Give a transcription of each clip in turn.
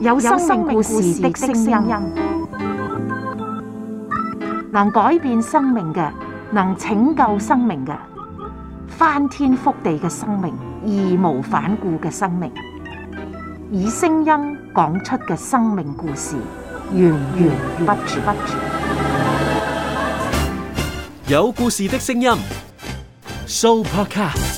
有生命故事的聲音，能改變生命嘅，能拯救生命嘅，翻天覆地嘅生命，義無反顧嘅生命，以聲音講出嘅生命故事，源源不絕。有故事的聲音，Soupercast。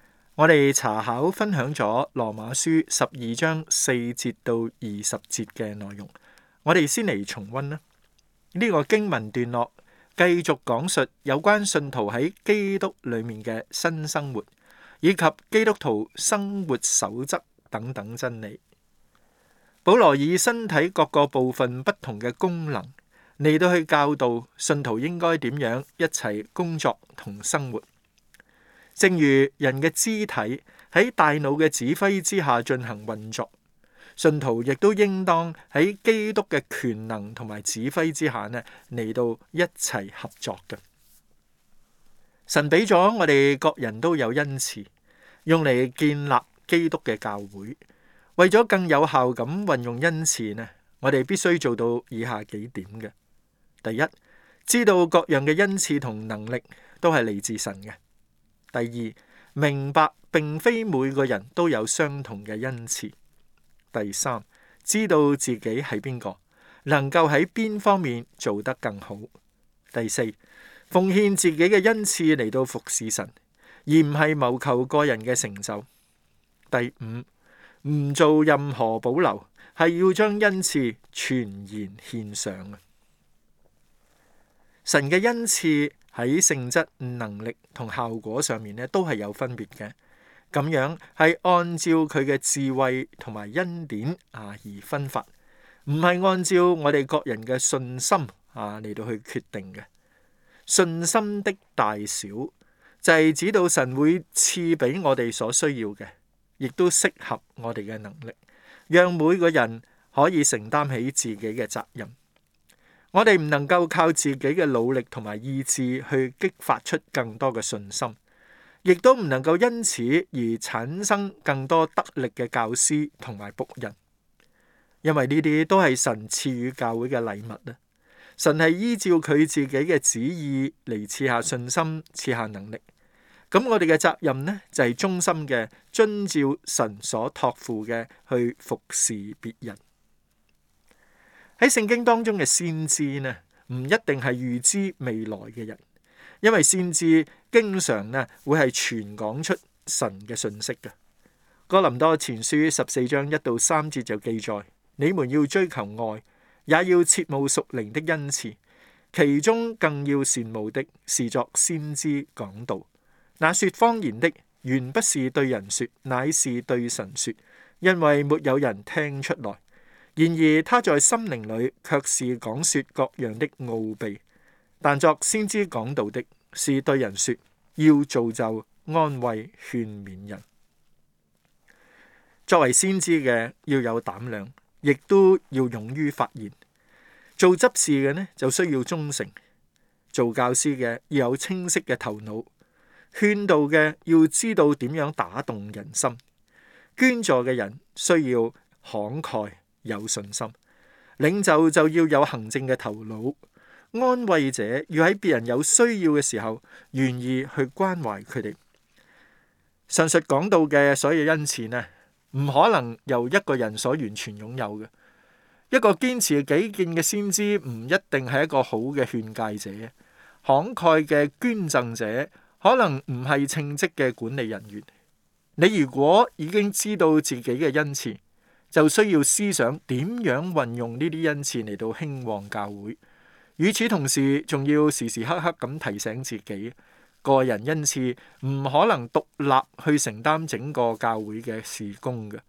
我哋查考分享咗羅馬書十二章四節到二十節嘅內容，我哋先嚟重溫啦。呢個經文段落繼續講述有關信徒喺基督裏面嘅新生活，以及基督徒生活守則等等真理。保羅以身體各個部分不同嘅功能嚟到去教導信徒應該點樣一齊工作同生活。正如人嘅肢體喺大腦嘅指揮之下進行運作，信徒亦都應當喺基督嘅權能同埋指揮之下呢嚟到一齊合作嘅。神俾咗我哋各人都有恩賜，用嚟建立基督嘅教會。為咗更有效咁運用恩賜呢，我哋必須做到以下幾點嘅：第一，知道各樣嘅恩賜同能力都係嚟自神嘅。第二，明白並非每個人都有相同嘅恩賜。第三，知道自己係邊個，能夠喺邊方面做得更好。第四，奉獻自己嘅恩賜嚟到服侍神，而唔係謀求個人嘅成就。第五，唔做任何保留，係要將恩賜全然獻上。神嘅恩賜。喺性質、能力同效果上面咧，都係有分別嘅。咁樣係按照佢嘅智慧同埋恩典啊而分發，唔係按照我哋各人嘅信心啊嚟到去決定嘅。信心的大小就係、是、指導神會賜俾我哋所需要嘅，亦都適合我哋嘅能力，讓每個人可以承擔起自己嘅責任。我哋唔能夠靠自己嘅努力同埋意志去激發出更多嘅信心，亦都唔能夠因此而產生更多得力嘅教師同埋僕人，因為呢啲都係神賜予教會嘅禮物啊！神係依照佢自己嘅旨意嚟賜下信心、賜下能力。咁我哋嘅責任呢，就係、是、忠心嘅遵照神所託付嘅去服侍別人。喺聖經當中嘅先知呢，唔一定係預知未來嘅人，因為先知經常呢會係傳講出神嘅信息嘅。哥林多前書十四章一到三節就記載：你們要追求愛，也要切慕屬靈的恩賜，其中更要羨慕的，是作先知講道。那説方言的，原不是對人説，乃是對神説，因為沒有人聽出來。然而，他在心靈裏卻是講說各樣的奧秘。但作先知講道的，是對人說，要造就安慰勸勉人。作為先知嘅，要有膽量，亦都要勇於發言。做執事嘅呢，就需要忠誠；做教師嘅要有清晰嘅頭腦；勸導嘅要知道點樣打動人心；捐助嘅人需要慷慨。有信心，領袖就要有行政嘅頭腦，安慰者要喺別人有需要嘅時候，願意去關懷佢哋。上述講到嘅所有恩賜呢，唔可能由一個人所完全擁有嘅。一個堅持己見嘅先知唔一定係一個好嘅勸誡者，慷慨嘅捐贈者，可能唔係稱職嘅管理人員。你如果已經知道自己嘅恩賜。就需要思想點樣運用呢啲恩賜嚟到興旺教會。與此同時，仲要時時刻刻咁提醒自己，個人恩賜唔可能獨立去承擔整個教會嘅事工嘅，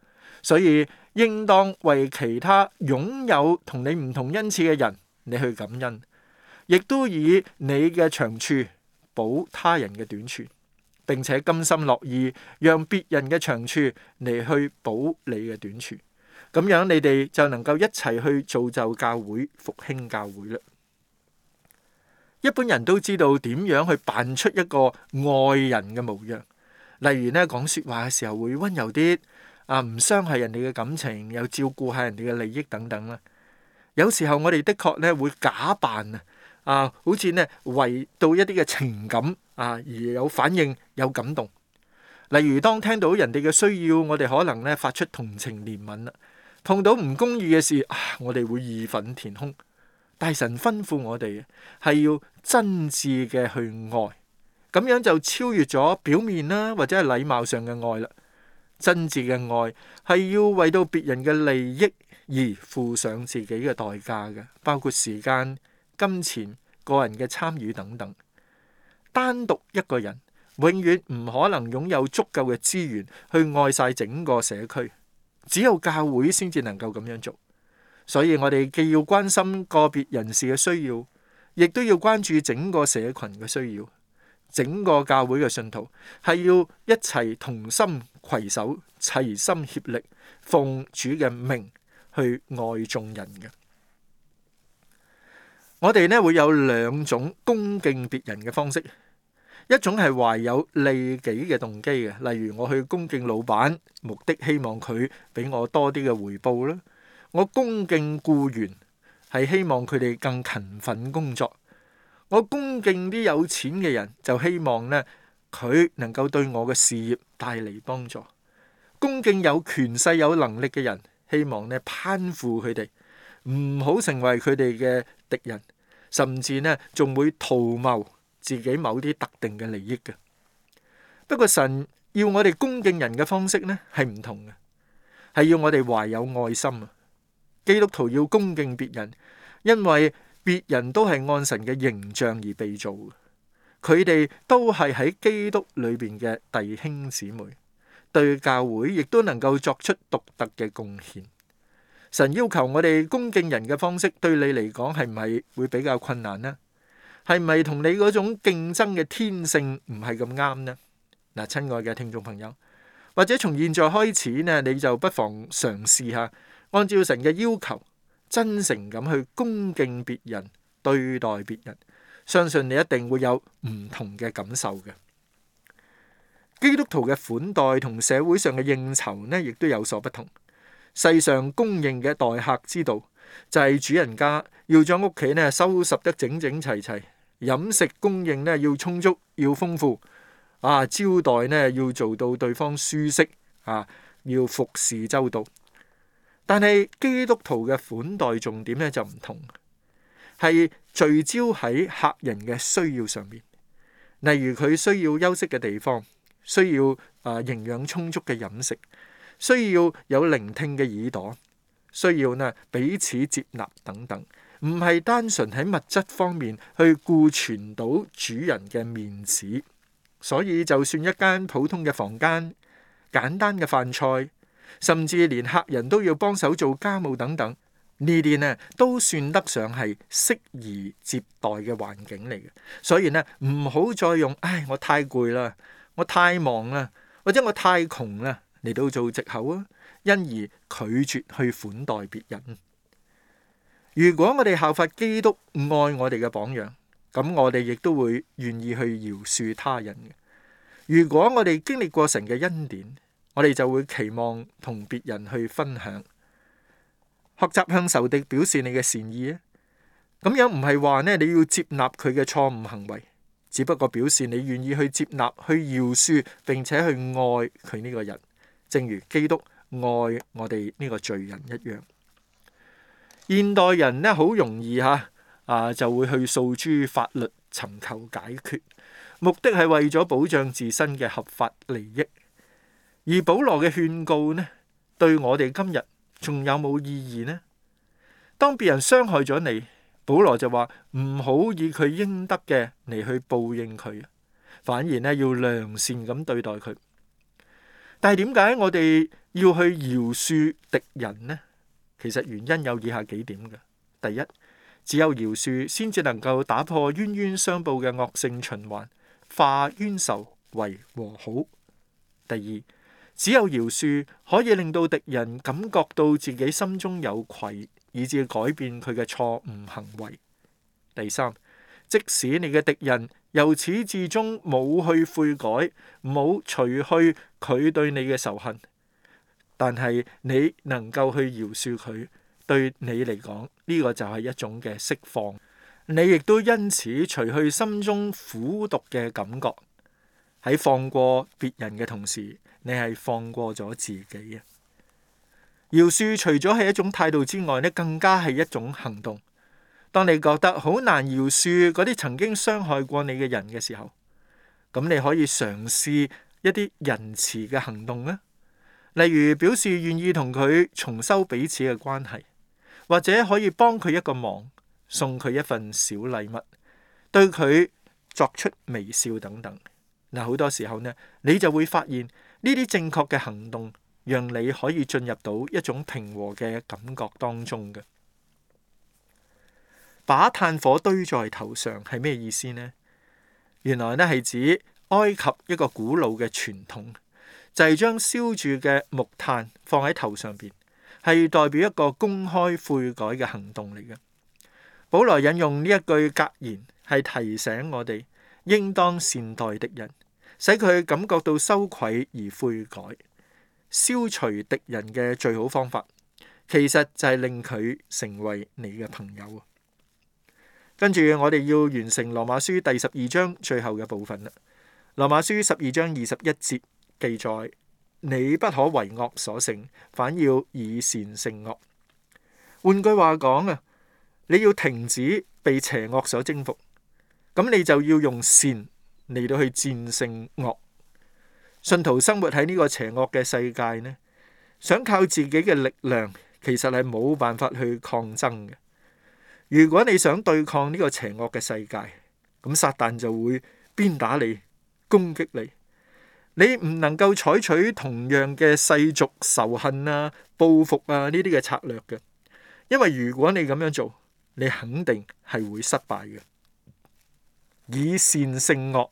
所以應當為其他擁有同你唔同恩賜嘅人，你去感恩，亦都以你嘅長處補他人嘅短處，並且甘心樂意讓別人嘅長處嚟去補你嘅短處。咁樣你哋就能夠一齊去造就教會，復興教會啦。一般人都知道點樣去扮出一個愛人嘅模樣，例如呢，講説話嘅時候會温柔啲，啊，唔傷害人哋嘅感情，又照顧下人哋嘅利益等等啦。有時候我哋的確呢會假扮啊，啊好似呢為到一啲嘅情感啊而有反應有感動，例如當聽到人哋嘅需要，我哋可能呢發出同情憐憫啦。碰到唔公義嘅事啊，我哋會義憤填膺。大神吩咐我哋嘅係要真摯嘅去愛，咁樣就超越咗表面啦，或者係禮貌上嘅愛啦。真摯嘅愛係要為到別人嘅利益而付上自己嘅代價嘅，包括時間、金錢、個人嘅參與等等。單獨一個人永遠唔可能擁有足夠嘅資源去愛晒整個社區。只有教會先至能夠咁樣做，所以我哋既要關心個別人士嘅需要，亦都要關注整個社群嘅需要，整個教會嘅信徒係要一齊同心攜手，齊心協力，奉主嘅命去愛眾人嘅。我哋呢會有兩種恭敬別人嘅方式。一種係懷有利己嘅動機嘅，例如我去恭敬老闆，目的希望佢俾我多啲嘅回報啦。我恭敬僱員，係希望佢哋更勤奮工作。我恭敬啲有錢嘅人，就希望咧佢能夠對我嘅事業帶嚟幫助。恭敬有權勢有能力嘅人，希望咧攀附佢哋，唔好成為佢哋嘅敵人，甚至咧仲會圖謀自己某啲特定嘅利益嘅，不過神要我哋恭敬人嘅方式呢，係唔同嘅，係要我哋懷有愛心啊！基督徒要恭敬別人，因為別人都係按神嘅形象而被造。佢哋都係喺基督裏邊嘅弟兄姊妹，對教會亦都能夠作出獨特嘅貢獻。神要求我哋恭敬人嘅方式，對你嚟講係唔係會比較困難呢？係咪同你嗰種競爭嘅天性唔係咁啱？呢？嗱，親愛嘅聽眾朋友，或者從現在開始呢，你就不妨嘗試下，按照神嘅要求，真誠咁去恭敬別人、對待別人，相信你一定會有唔同嘅感受嘅。基督徒嘅款待同社會上嘅應酬呢，亦都有所不同。世上公認嘅待客之道就係主人家要將屋企呢收拾得整整齊齊。飲食供應咧要充足，要豐富，啊招待咧要做到對方舒適，啊要服侍周到。但係基督徒嘅款待重點咧就唔同，係聚焦喺客人嘅需要上邊。例如佢需要休息嘅地方，需要啊營養充足嘅飲食，需要有聆聽嘅耳朵，需要呢彼此接納等等。唔係單純喺物質方面去顧全到主人嘅面子，所以就算一間普通嘅房間、簡單嘅飯菜，甚至連客人都要幫手做家務等等，呢啲呢都算得上係適宜接待嘅環境嚟嘅。所以呢，唔好再用唉我太攰啦，我太忙啦，或者我太窮啦嚟到做藉口啊，因而拒絕去款待別人。如果我哋效法基督愛我哋嘅榜樣，咁我哋亦都會願意去饒恕他人嘅。如果我哋經歷過神嘅恩典，我哋就會期望同別人去分享，學習向仇敵表示你嘅善意啊！咁樣唔係話咧，你要接納佢嘅錯誤行為，只不過表示你願意去接納、去饒恕，並且去愛佢呢個人，正如基督愛我哋呢個罪人一樣。現代人呢好容易嚇啊，就會去訴諸法律尋求解決，目的係為咗保障自身嘅合法利益。而保羅嘅勸告呢，對我哋今日仲有冇意義呢？當別人傷害咗你，保羅就話唔好以佢應得嘅嚟去報應佢，反而呢，要良善咁對待佢。但係點解我哋要去饒恕敵人呢？其實原因有以下幾點嘅：第一，只有饒恕先至能夠打破冤冤相報嘅惡性循環，化冤仇為和好；第二，只有饒恕可以令到敵人感覺到自己心中有愧，以至改變佢嘅錯誤行為；第三，即使你嘅敵人由始至終冇去悔改，冇除去佢對你嘅仇恨。但係你能夠去饒恕佢，對你嚟講，呢個就係一種嘅釋放。你亦都因此除去心中苦毒嘅感覺，喺放過別人嘅同時，你係放過咗自己。饒恕除咗係一種態度之外，呢更加係一種行動。當你覺得好難饒恕嗰啲曾經傷害過你嘅人嘅時候，咁你可以嘗試一啲仁慈嘅行動啊！例如表示願意同佢重修彼此嘅關係，或者可以幫佢一個忙，送佢一份小禮物，對佢作出微笑等等。嗱，好多時候呢，你就會發現呢啲正確嘅行動，讓你可以進入到一種平和嘅感覺當中嘅。把炭火堆在頭上係咩意思呢？原來呢，係指埃及一個古老嘅傳統。就係將燒住嘅木炭放喺頭上邊，係代表一個公開悔改嘅行動嚟嘅。保羅引用呢一句格言，係提醒我哋應當善待敵人，使佢感覺到羞愧而悔改。消除敵人嘅最好方法，其實就係令佢成為你嘅朋友。跟住我哋要完成羅馬書第十二章最後嘅部分啦。羅馬書十二章二十一節。記載，你不可為惡所勝，反要以善勝惡。換句話講啊，你要停止被邪惡所征服，咁你就要用善嚟到去戰勝惡。信徒生活喺呢個邪惡嘅世界呢，想靠自己嘅力量，其實係冇辦法去抗爭嘅。如果你想對抗呢個邪惡嘅世界，咁撒旦就會鞭打你，攻擊你。你唔能夠採取同樣嘅世俗仇恨啊、報復啊呢啲嘅策略嘅，因為如果你咁樣做，你肯定係會失敗嘅。以善勝惡，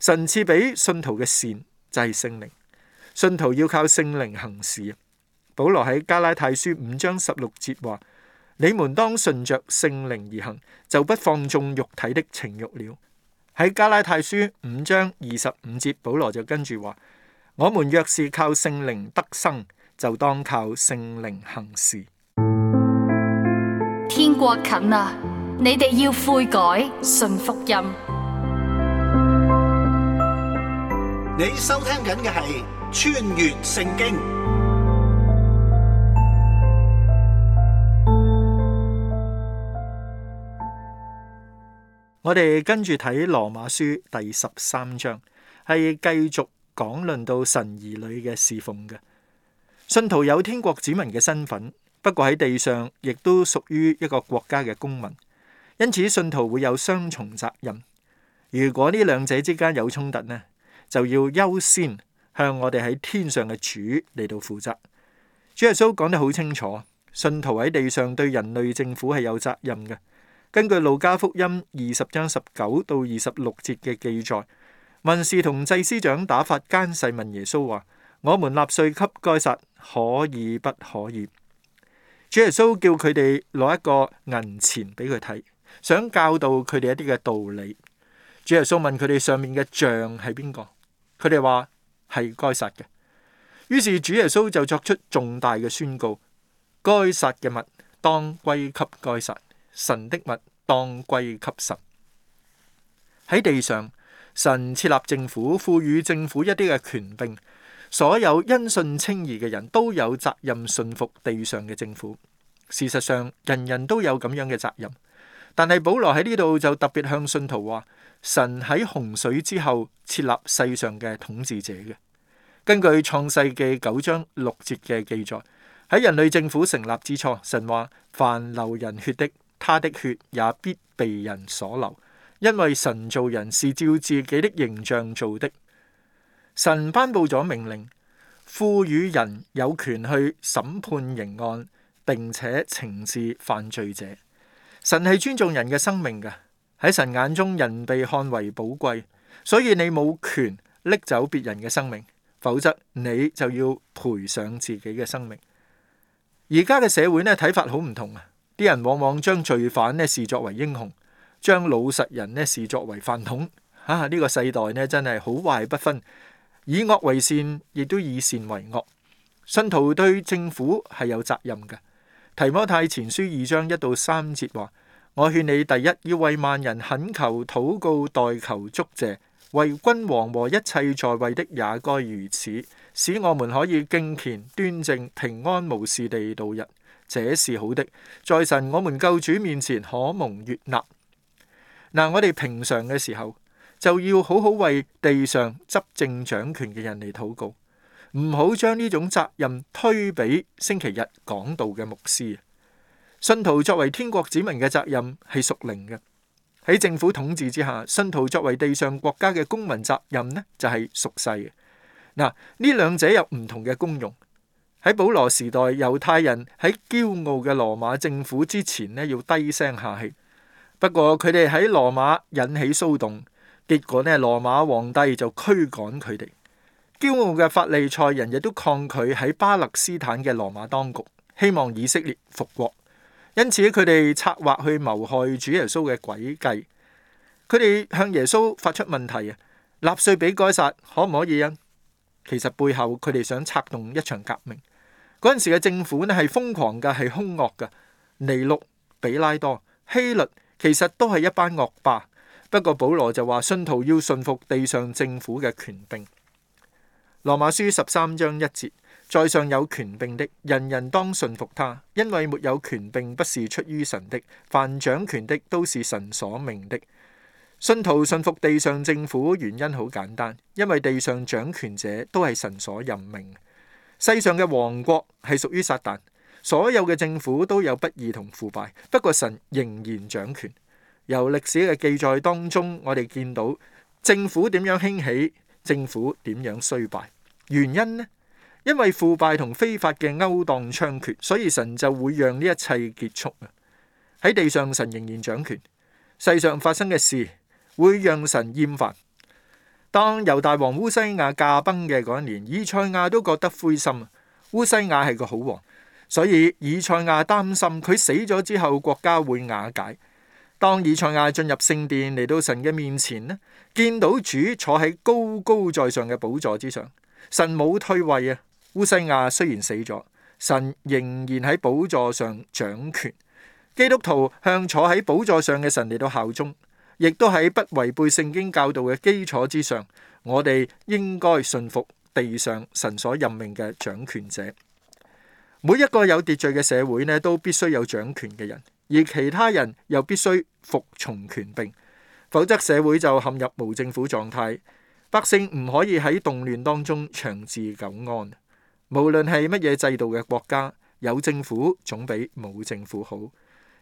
神賜俾信徒嘅善就係聖靈，信徒要靠聖靈行事。保羅喺加拉太書五章十六節話：你們當順着聖靈而行，就不放縱肉體的情慾了。喺加拉太書五章二十五節，保羅就跟住話：我們若是靠聖靈得生，就當靠聖靈行事。天國近啦，你哋要悔改，信福音。你收聽緊嘅係穿越聖經。我哋跟住睇羅馬書第十三章，係繼續講論到神兒女嘅侍奉嘅。信徒有天國子民嘅身份，不過喺地上亦都屬於一個國家嘅公民，因此信徒會有雙重責任。如果呢兩者之間有衝突呢，就要優先向我哋喺天上嘅主嚟到負責。主耶穌講得好清楚，信徒喺地上對人類政府係有責任嘅。根據路加福音二十章十九到二十六節嘅記載，文士同祭司長打發奸細問耶穌話：我們納稅給該撒可以不可以？主耶穌叫佢哋攞一個銀錢俾佢睇，想教導佢哋一啲嘅道理。主耶穌問佢哋上面嘅像係邊個，佢哋話係該撒嘅。於是主耶穌就作出重大嘅宣告：該撒嘅物當歸給該撒。神的物當歸給神。喺地上，神設立政府，賦予政府一啲嘅權柄，所有因信稱義嘅人都有責任信服地上嘅政府。事實上，人人都有咁樣嘅責任，但係保羅喺呢度就特別向信徒話：神喺洪水之後設立世上嘅統治者嘅。根據創世記九章六節嘅記載，喺人類政府成立之初，神話凡流人血的。他的血也必被人所流，因為神造人是照自己的形象做的。神頒布咗命令，賦予人有權去審判刑案，並且懲治犯罪者。神係尊重人嘅生命嘅，喺神眼中人被看為寶貴，所以你冇權拎走別人嘅生命，否則你就要賠償自己嘅生命。而家嘅社會呢，睇法好唔同啊！啲人往往將罪犯咧視作為英雄，將老實人咧視作為飯桶。嚇、啊，呢、這個世代咧真係好壞不分，以惡為善，亦都以善為惡。信徒對政府係有責任嘅。提摩太前書二章一到三節話：我勸你第一要為萬人懇求、禱告、代求、祝謝，為君王和一切在位的也該如此，使我們可以敬虔、端正、平安無事地度日。這是好的，在神我們救主面前可蒙悅納。嗱，我哋平常嘅時候就要好好為地上執政掌權嘅人嚟禱告，唔好將呢種責任推俾星期日講道嘅牧師。信徒作為天國子民嘅責任係屬靈嘅，喺政府統治之下，信徒作為地上國家嘅公民責任呢就係屬世嘅。嗱，呢兩者有唔同嘅功用。喺保羅時代，猶太人喺驕傲嘅羅馬政府之前呢，要低聲下氣。不過佢哋喺羅馬引起騷動，結果呢，羅馬皇帝就驅趕佢哋。驕傲嘅法利賽人亦都抗拒喺巴勒斯坦嘅羅馬當局，希望以色列復國。因此佢哋策劃去謀害主耶穌嘅詭計。佢哋向耶穌發出問題啊：納稅俾該撒可唔可以啊？其實背後佢哋想策動一場革命。嗰陣時嘅政府咧係瘋狂嘅，係凶惡嘅。尼禄、比拉多、希律其實都係一班惡霸。不過保羅就話：信徒要順服地上政府嘅權柄。羅馬書十三章一節：在上有權柄的，人人當順服他，因為沒有權柄不是出於神的。凡掌權的都是神所命的。信徒順服地上政府原因好簡單，因為地上掌權者都係神所任命。世上嘅王國係屬於撒旦，所有嘅政府都有不義同腐敗，不過神仍然掌權。由歷史嘅記載當中，我哋見到政府點樣興起，政府點樣衰敗，原因呢？因為腐敗同非法嘅勾當猖獗，所以神就會讓呢一切結束啊！喺地上，神仍然掌權，世上發生嘅事會讓神厭煩。當由大王烏西亞駕崩嘅嗰一年，以賽亞都覺得灰心啊。烏西亞係個好王，所以以賽亞擔心佢死咗之後國家會瓦解。當以賽亞進入聖殿嚟，到神嘅面前咧，見到主坐喺高高在上嘅寶座之上，神冇退位啊。烏西亞雖然死咗，神仍然喺寶座上掌權。基督徒向坐喺寶座上嘅神嚟到效忠。亦都喺不違背聖經教導嘅基礎之上，我哋應該順服地上神所任命嘅掌權者。每一個有秩序嘅社會呢，都必須有掌權嘅人，而其他人又必須服從權柄，否則社會就陷入無政府狀態，百姓唔可以喺動亂當中長治久安。無論係乜嘢制度嘅國家，有政府總比冇政府好。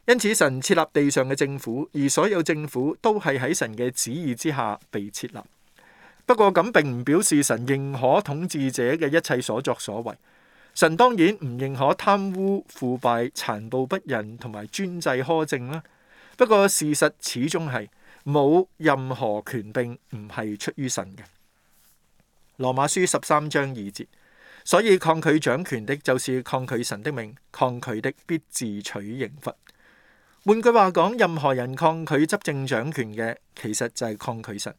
因此，神設立地上嘅政府，而所有政府都係喺神嘅旨意之下被設立。不過咁並唔表示神認可統治者嘅一切所作所為。神當然唔認可貪污、腐敗、殘暴不仁同埋專制苛政啦。不過事實始終係冇任何權柄，並唔係出於神嘅。羅馬書十三章二節，所以抗拒掌權的，就是抗拒神的命；抗拒的，必自取刑罰。換句話講，任何人抗拒執政掌權嘅，其實就係抗拒神，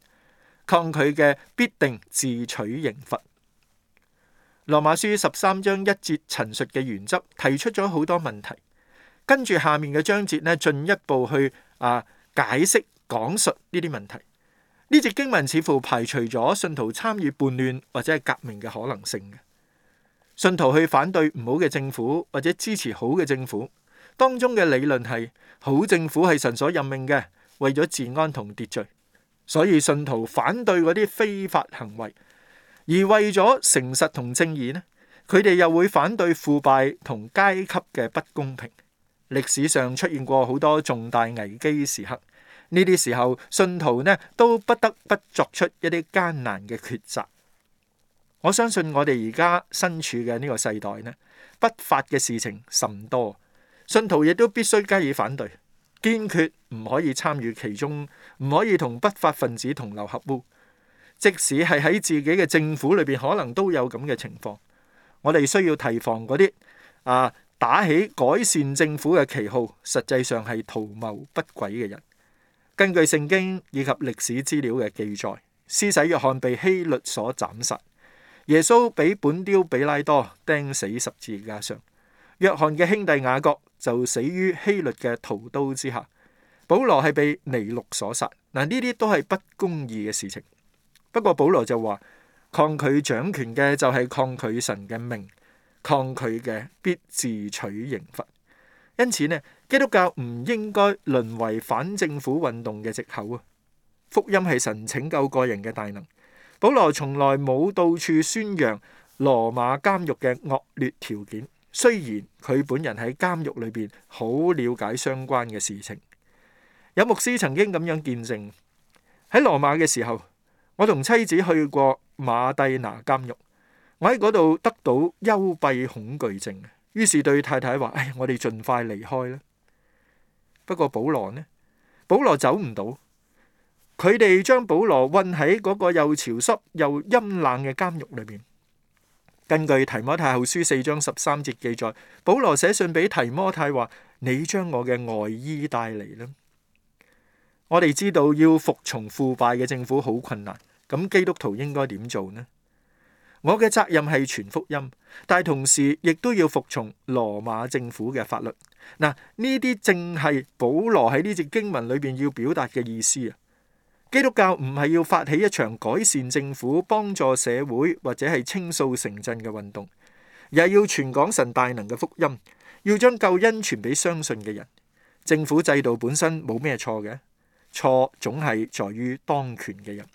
抗拒嘅必定自取刑罰。羅馬書十三章一節陳述嘅原則，提出咗好多問題，跟住下面嘅章節咧，進一步去啊解釋講述呢啲問題。呢隻經文似乎排除咗信徒參與叛亂或者係革命嘅可能性嘅，信徒去反對唔好嘅政府，或者支持好嘅政府。當中嘅理論係，好政府係神所任命嘅，為咗治安同秩序。所以信徒反對嗰啲非法行為，而為咗誠實同正義呢，佢哋又會反對腐敗同階級嘅不公平。歷史上出現過好多重大危機時刻，呢啲時候信徒呢都不得不作出一啲艱難嘅抉擇。我相信我哋而家身處嘅呢個世代呢，不法嘅事情甚多，信徒亦都必須加以反對，堅決唔可以參與其中，唔可以同不法分子同流合污。即使係喺自己嘅政府裏邊，可能都有咁嘅情況。我哋需要提防嗰啲啊，打起改善政府嘅旗號，實際上係圖謀不軌嘅人。根據聖經以及歷史資料嘅記載，施洗約翰被希律所斬殺，耶穌俾本丟彼拉多釘死十字架上，約翰嘅兄弟雅各。就死於希律嘅屠刀之下，保羅係被尼祿所殺。嗱，呢啲都係不公義嘅事情。不過保羅就話，抗拒掌權嘅就係抗拒神嘅命，抗拒嘅必自取刑罰。因此呢，基督教唔應該淪為反政府運動嘅藉口啊！福音係神拯救個人嘅大能。保羅從來冇到處宣揚羅馬監獄嘅惡劣條件。雖然佢本人喺監獄裏邊好了解相關嘅事情，有牧師曾經咁樣見證：喺羅馬嘅時候，我同妻子去過馬蒂拿監獄，我喺嗰度得到幽閉恐懼症，於是對太太話：唉、哎，我哋盡快離開啦。不過保羅呢？保羅走唔到，佢哋將保羅困喺嗰個又潮濕又陰冷嘅監獄裏邊。根據提摩太後書四章十三節記載，保羅寫信俾提摩太話：你將我嘅外衣帶嚟啦。我哋知道要服從腐敗嘅政府好困難，咁基督徒應該點做呢？我嘅責任係全福音，但同時亦都要服從羅馬政府嘅法律。嗱，呢啲正係保羅喺呢節經文裏邊要表達嘅意思啊。基督教唔係要發起一場改善政府、幫助社會或者係清掃城鎮嘅運動，而係要傳講神大能嘅福音，要將救恩傳俾相信嘅人。政府制度本身冇咩錯嘅，錯總係在於當權嘅人。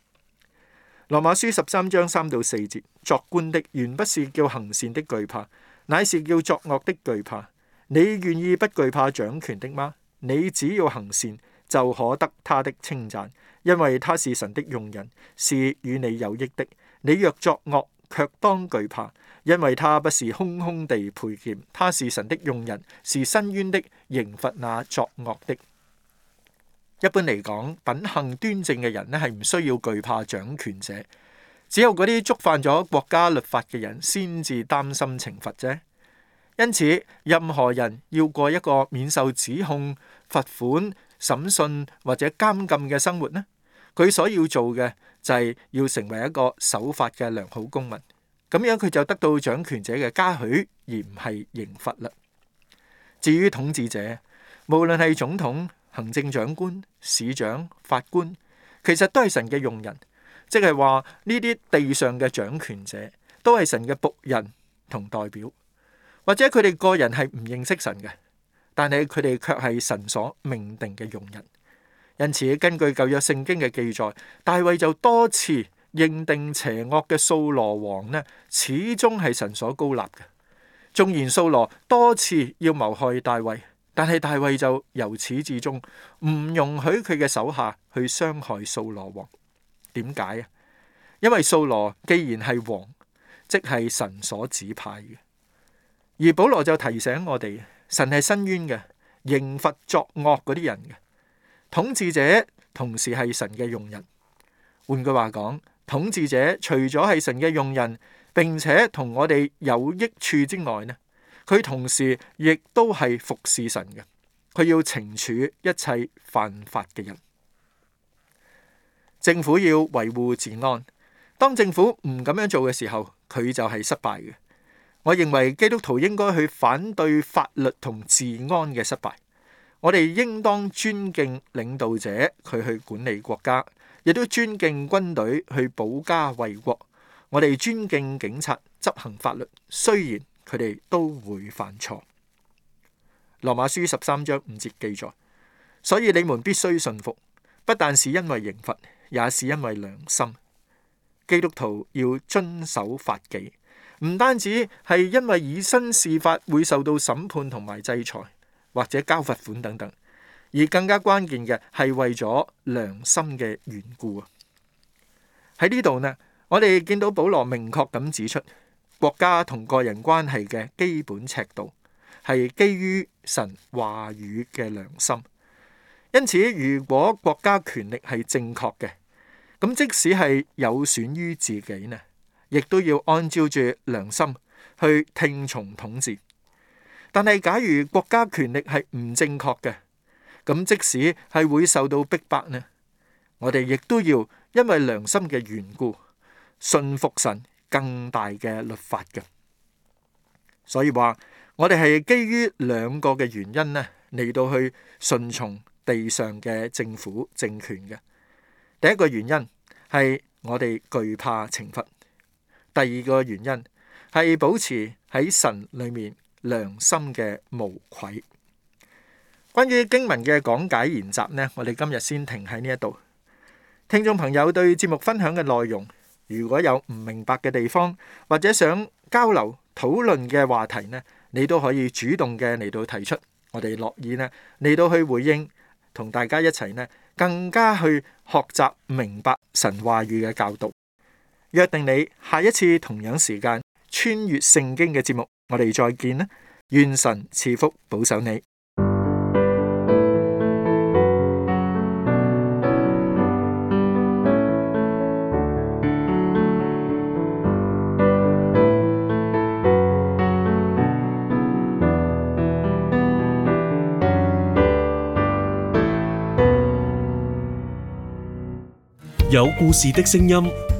羅馬書十三章三到四節：作官的原不是叫行善的懼怕，乃是叫作惡的懼怕。你願意不懼怕掌權的嗎？你只要行善，就可得他的稱讚。因為他是神的用人，是與你有益的。你若作惡，卻當懼怕，因為他不是空空地佩劍，他是神的用人，是伸冤的刑罰那作惡的。一般嚟講，品行端正嘅人咧係唔需要懼怕掌權者，只有嗰啲觸犯咗國家律法嘅人，先至擔心懲罰啫。因此，任何人要過一個免受指控、罰款、審訊或者監禁嘅生活呢，佢所要做嘅就係要成為一個守法嘅良好公民，咁樣佢就得到掌權者嘅嘉許，而唔係刑罰啦。至於統治者，無論係總統、行政長官、市長、法官，其實都係神嘅用人，即係話呢啲地上嘅掌權者都係神嘅僕人同代表，或者佢哋個人係唔認識神嘅。但係佢哋卻係神所命定嘅用人。因此根據舊約聖經嘅記載，大衛就多次認定邪惡嘅掃羅王呢，始終係神所膏立嘅。縱然掃羅多次要謀害大衛，但係大衛就由始至終唔容許佢嘅手下去傷害掃羅王。點解啊？因為掃羅既然係王，即係神所指派嘅。而保羅就提醒我哋。神係申冤嘅，刑罰作惡嗰啲人嘅。統治者同時係神嘅用人。換句話講，統治者除咗係神嘅用人，並且同我哋有益處之外呢，佢同時亦都係服侍神嘅。佢要懲處一切犯法嘅人。政府要維護治安。當政府唔咁樣做嘅時候，佢就係失敗嘅。我認為基督徒應該去反對法律同治安嘅失敗。我哋應當尊敬領導者，佢去管理國家，亦都尊敬軍隊去保家衛國。我哋尊敬警察執行法律，雖然佢哋都會犯錯。羅馬書十三章五節記載，所以你們必須信服，不但是因為刑罰，也是因為良心。基督徒要遵守法紀。唔單止係因為以身試法會受到審判同埋制裁，或者交罰款等等，而更加關鍵嘅係為咗良心嘅緣故啊！喺呢度呢，我哋見到保羅明確咁指出國家同個人關係嘅基本尺度係基於神話語嘅良心。因此，如果國家權力係正確嘅，咁即使係有損於自己呢？亦都要按照住良心去聽從統治，但係假如國家權力係唔正確嘅，咁即使係會受到逼迫呢，我哋亦都要因為良心嘅緣故信服神更大嘅律法嘅。所以話，我哋係基於兩個嘅原因呢，嚟到去順從地上嘅政府政權嘅。第一個原因，係我哋懼怕懲罰。第二個原因係保持喺神裡面良心嘅無愧。關於經文嘅講解研習呢，我哋今日先停喺呢一度。聽眾朋友對節目分享嘅內容，如果有唔明白嘅地方，或者想交流討論嘅話題呢，你都可以主動嘅嚟到提出，我哋樂意呢嚟到去回應，同大家一齊呢更加去學習明白神話語嘅教導。約定你下一次同樣時間穿越聖經嘅節目，我哋再見啦！願神賜福保守你。有故事的聲音。